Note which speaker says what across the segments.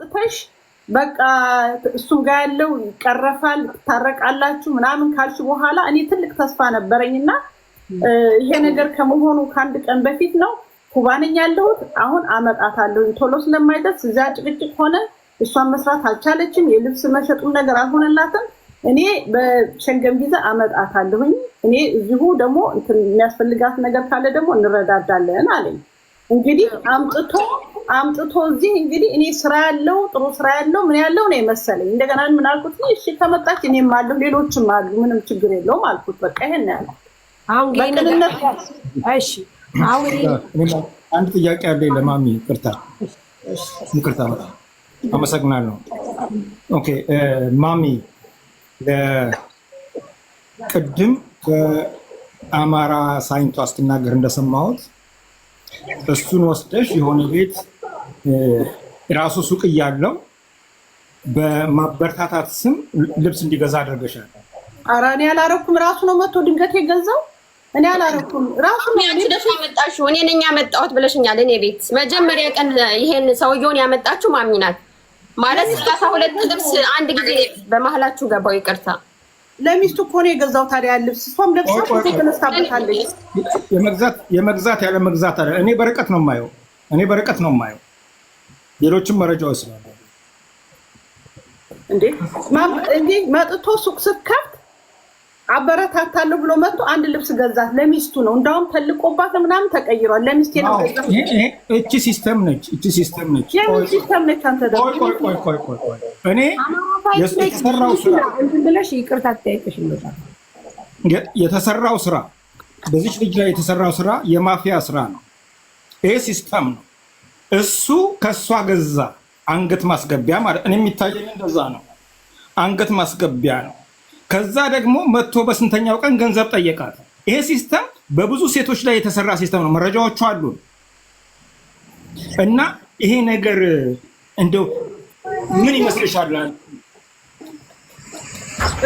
Speaker 1: ጥተሽ በቃ እሱ ጋር ያለው ይቀረፋል፣ ታረቃላችሁ ምናምን ካልሽ በኋላ እኔ ትልቅ ተስፋ ነበረኝ እና ይሄ ነገር ከመሆኑ ከአንድ ቀን በፊት ነው ኩባነኝ ያለሁት። አሁን አመጣታለሁ ቶሎ ስለማይደርስ እዚያ ጭቅጭቅ ሆነ። እሷን መስራት አልቻለችም። የልብስ መሸጡን ነገር አልሆነላትም። እኔ በሸንገም ጊዜ አመጣታለሁኝ። እኔ እዚሁ ደግሞ የሚያስፈልጋት ነገር ካለ ደግሞ እንረዳዳለን አለኝ። እንግዲህ አምጥቶ አምጥቶ እዚህ እንግዲህ እኔ ስራ ያለው ጥሩ ስራ ያለው ምን ያለው ነው የመሰለኝ። እንደገና ምን አልኩት እሺ ከመጣች እኔም አለሁ ሌሎችም አሉ ምንም ችግር የለውም አልኩት። በቃ ይሄን ያለ
Speaker 2: አንድ ጥያቄ አለ ለማሚ ቅርታ ቅርታ በጣም አመሰግናለሁ። ኦኬ ማሚ ቅድም በአማራ ሳይንቷ ስትናገር እንደሰማሁት እሱን ወስደሽ የሆነ ቤት ራሱ ሱቅ እያለው በማበረታታት ስም ልብስ እንዲገዛ አድርገሻል።
Speaker 1: ኧረ እኔ አላረኩም። ራሱ ነው መጥቶ ድንገት የገዛው። እኔ አላረኩም።
Speaker 3: ራሱ ደሽ ያመጣሽው እኔ ነኝ ያመጣሁት ብለሽኛል። እኔ ቤት መጀመሪያ ቀን ይሄን ሰውየውን ያመጣችው ማሚ ናት ማለት ስላሳ ሁለት ልብስ አንድ ጊዜ በመሀላችሁ ገባው። ይቅርታ
Speaker 1: ለሚስቱ እኮ ነው የገዛው። ታዲያ ልብስ እሷም ለብሳ ተነስታበታለች።
Speaker 2: የመግዛት ያለ መግዛት አለ። እኔ በርቀት ነው የማየው። እኔ በርቀት ነው የማየው ሌሎችም መረጃዎች ስላሉ
Speaker 1: እንዴ መጥቶ ሱቅ ስትከፍት አበረታታለሁ ብሎ መጥቶ አንድ ልብስ ገዛት ለሚስቱ ነው። እንዳውም ተልቆባት ምናምን ተቀይሯል። ለሚስቴ ነው
Speaker 2: እቺ ሲስተም ነች፣ እቺ ሲስተም ነች፣ እኔ የተሰራው ስራ የተሰራው ስራ በዚች ልጅ ላይ የተሰራው ስራ የማፊያ ስራ ነው። ይሄ ሲስተም ነው። እሱ ከእሷ ገዛ አንገት ማስገቢያ ማለት እኔ የሚታየኝ እንደዛ ነው። አንገት ማስገቢያ ነው። ከዛ ደግሞ መጥቶ በስንተኛው ቀን ገንዘብ ጠየቃት። ይሄ ሲስተም በብዙ ሴቶች ላይ የተሰራ ሲስተም ነው። መረጃዎቹ አሉ እና ይሄ ነገር እንደው ምን ይመስልሻል?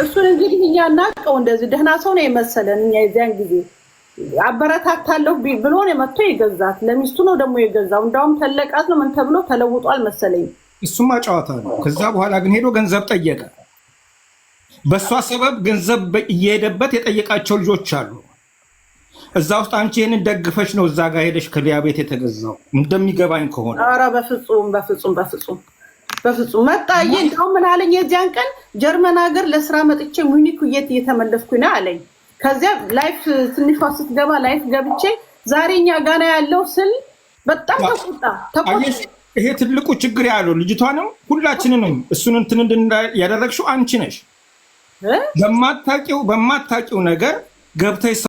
Speaker 1: እሱን እንግዲህ እኛ እናቀው እንደዚህ ደህና ሰው ነው የመሰለን እኛ የዚያን ጊዜ አበረታታለሁ ብሎ ነው መጥቶ የገዛት። ለሚስቱ ነው ደግሞ የገዛው። እንዳውም ተለቃት ነው ምን ተብሎ ተለውጧል መሰለኝ።
Speaker 2: እሱማ ጨዋታ ነው። ከዛ በኋላ ግን ሄዶ ገንዘብ ጠየቀ። በእሷ ሰበብ ገንዘብ እየሄደበት የጠየቃቸው ልጆች አሉ። እዛ ውስጥ አንቺ ይህንን ደግፈች ነው እዛ ጋር ሄደሽ ከሊያ ቤት የተገዛው እንደሚገባኝ ከሆነ።
Speaker 1: ኧረ በፍጹም በፍጹም በፍጹም በፍጹም መጣዬ። እንደውም ምን አለኝ የዚያን ቀን ጀርመን ሀገር ለስራ መጥቼ ሙኒክ የት እየተመለስኩኝ ነው አለኝ ከዚያ ላይፍ ትንሿ ስትገባ ላይፍ ገብቼ ዛሬ እኛ ጋና ያለው ስል በጣም ተቆጣ
Speaker 2: ተቆጣ። ይሄ ትልቁ ችግር ያለው ልጅቷንም ሁላችንንም እሱን እንትን ያደረግሽው አንቺ ነሽ። በማታውቂው በማታውቂው ነገር ገብተሽ